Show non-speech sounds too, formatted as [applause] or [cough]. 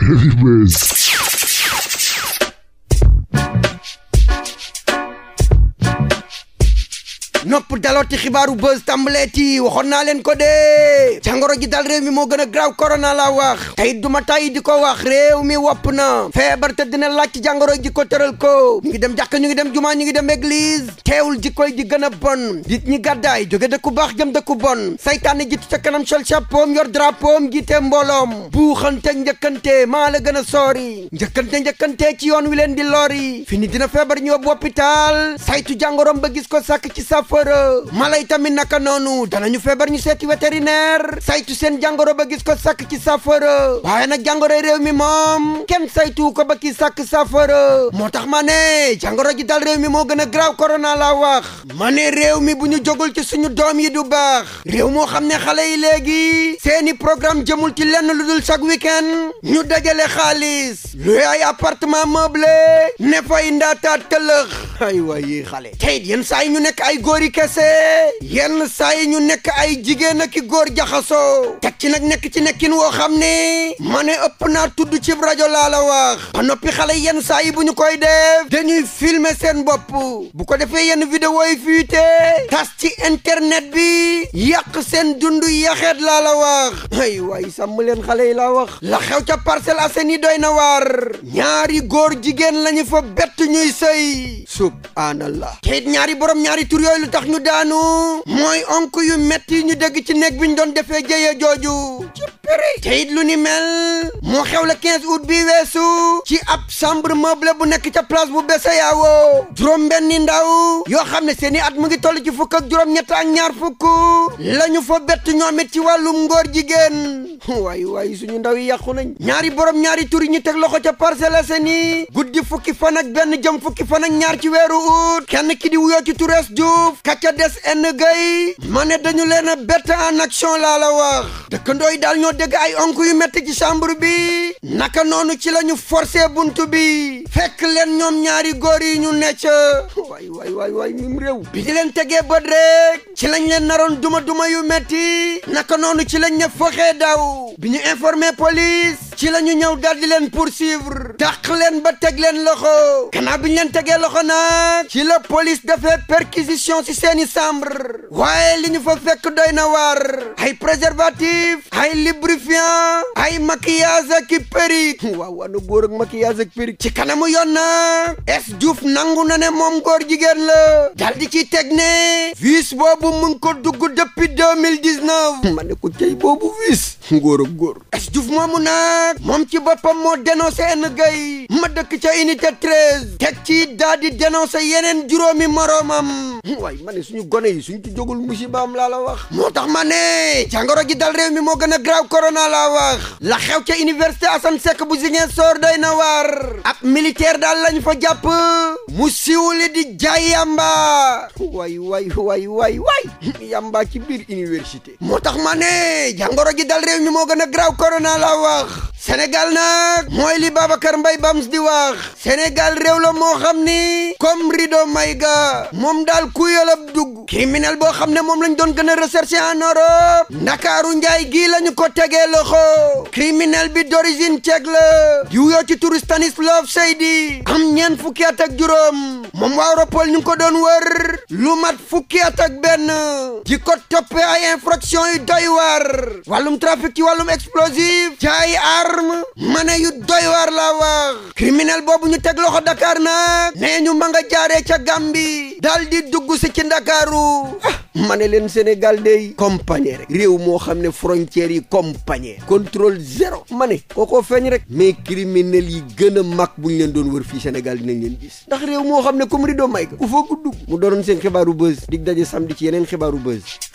Anyways. nopp daloo ci xibaaru buzz tàmbalee ci waxoon naa leen ko dee jàngoro ji dal réew mi moo gën a graaw corona la wax tey duma tàyyi di ko wax réew mi wopp na feebar te dina laaj ci jàngoro ji ko tëral ko ñu ngi dem jàkk ñu ngi dem jumaa ñu ngi dem église teewul ji ko ji gën a bon nit ñi gàddaay jóge dëkku baax jëm dëkku bon saytaane jiitu ca kanam sol chapeau yor drapeau jiite mbooloom buuxante njëkkante maa la gën a soori njëkkante njëkkante ci yoon wi leen di lori fini dina feebar ñëw bu saafara mala yi tamit naka noonu ñu feebar ñu seeti vétérinaire saytu seen jàngoro ba gis ko sakk ci saafara waaye nag jàngoro réew mi moom kenn saytu ko ba ki sàkk saafara moo tax ma ne jàngoro ji dal réew mi moo gën a grave korona la wax ma ne réew mi bu ñu jogul ci suñu doom yi du baax réew moo xam ne xale yi léegi seeni programme jëmul ci lenn lu dul chaque week-end ñu dajale xaalis lu ay appartement meublé ne fay ndaataat tëlëx ay waay xale tey yenn saa ñu nekk ay góor góori kese yenn saa yi ñu nekk ay jigéen ak i góor jaxasoo teg ci nag nekk ci nekkin woo xam ne ma ne ëpp naa tudd ci rajo laa la wax ba noppi xale yenn saa yi bu ñu koy def dañuy filmer seen bopp bu ko defee yenn vidéo yi fuite tas ci internet bi yàq seen dund yaxeet laa la wax ay waay sàmm leen xale yi la wax la xew ca seen Assainies doy na waar ñaari góor jigéen lañu fa bett ñuy sëy subhanallah tax ñu daanu mooy onk yu metti ñu dégg ci néeg bi ñu doon defee jëye jooju ci lu ni mel moo xew la 15 août bi weesu ci ab chambre meuble bu nekk ca place bu Bessayaawo juróom ni ndaw yoo xam ne seeni at mu ngi toll ci fukk ak juróom ñett ak ñaar fukk lañu fa bett ñoom it ci wàllum ngóor jigéen waay waay suñu ndaw yi yàqu nañ ñaari borom ñaari tur yi ñu teg loxo ca Parcelles Assainies guddi fukki fan ak benn jëm fukki fan ak ñaar ci weeru ut kenn ki di wuyoo ci Tourès Diouf ka ca des enn gay ma ne dañu leen a bett en action laa la wax dëkkandoo yi daal ñoo dégg ay onk yu métti ci chambre bi naka noonu ci la ñu forcé bi fekk leen ñoom ñaari góor yi ñu necc waay waay waay waay mim réew bi di leen tegee bët rek ci lañ leen naroon duma duma yu métti naka noonu ci lañ ñëpp foxee daw bi ñu informé police ci la ñu ñëw daal di leen poursuivre dàq leen ba teg leen loxo gannaaw bi ñu leen tegee loxo nag ci la police defee perquisition ci seeni chambre waaye li ñu fa fekk doy na waar ay préservatif ay lubrifiant ay maquillage ak perruque [laughs] waaw waano góor ak maquillage ak perruque ci kanamu yoon nag es Diouf nangu na ne moom góor jigéen la daal di ciy teg ne vice boobu mu ngi ko dugg depuis 2019 [laughs] ma ne ko tey boobu vice [laughs] góor ak góor es Diouf moomu nag nag moom ci boppam moo dénoncé N Gueye ma dëkk ca unité 13 teg ci daa di dénoncé yeneen juróomi moroomam [laughs] waaye ma suñu gone yi suñ jogul jógul musibaam laa la wax moo tax ma ne jàngoro ji dal réew mi moo gën a graaw corona laa wax la xew ca université Assane Seck bu na waar ab militaire daal lañ jàpp mu siwuli di jaay yamba waay waay waay waay waay [laughs] moo tax ma ne jàngoro ji dal wax Sénégal nag mooy li Babacar Mbaye Bams di wax Sénégal réew la moo xam ni comme rido mayga moom daal ku yolab dugg criminel boo xam ne moom lañ doon gën a recherché en Europe ndakaaru njaay gii lañu ko tegee loxo criminel bi d'origine tchèque la di wuyoo ci turu Stanislav Seydi am ñeent fukki at juróom moom waa Europol ñu ko doon wër lu mat fukki at benn di ko toppee ay infraction yu doy waar wàllum trafic ci wàllum explosif ci ay ar arme mane yu doy waar laa wax criminel boobu ñu teg loxo Dakar nag nee ñu ma nga jaaree ca Gàmbi daal di dugg si ci Ndakaaru ah ma ne leen Sénégal day compagnie rek réew moo xam ne frontières yi compagnie contrôle zéro ma ne kookoo feeñ rek mais criminel yi gën a mag bu ñu leen doon wër fii Sénégal dinañ leen gis ndax réew moo xam ne comme rido may ka ku fa dugg mu doonoon seen xibaaru buzz dig daje samedi ci yeneen xibaaru buzz